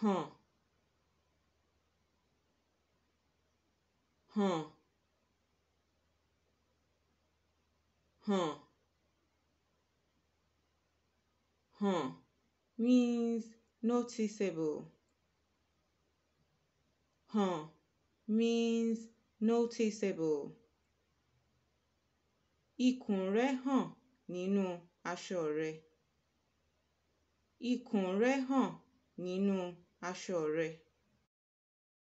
um um um um means noticeable um means noticeable ikùn rẹ̀ hàn nínú aṣọ rẹ̀ ikùn rẹ̀ hàn nínú aṣọ rẹ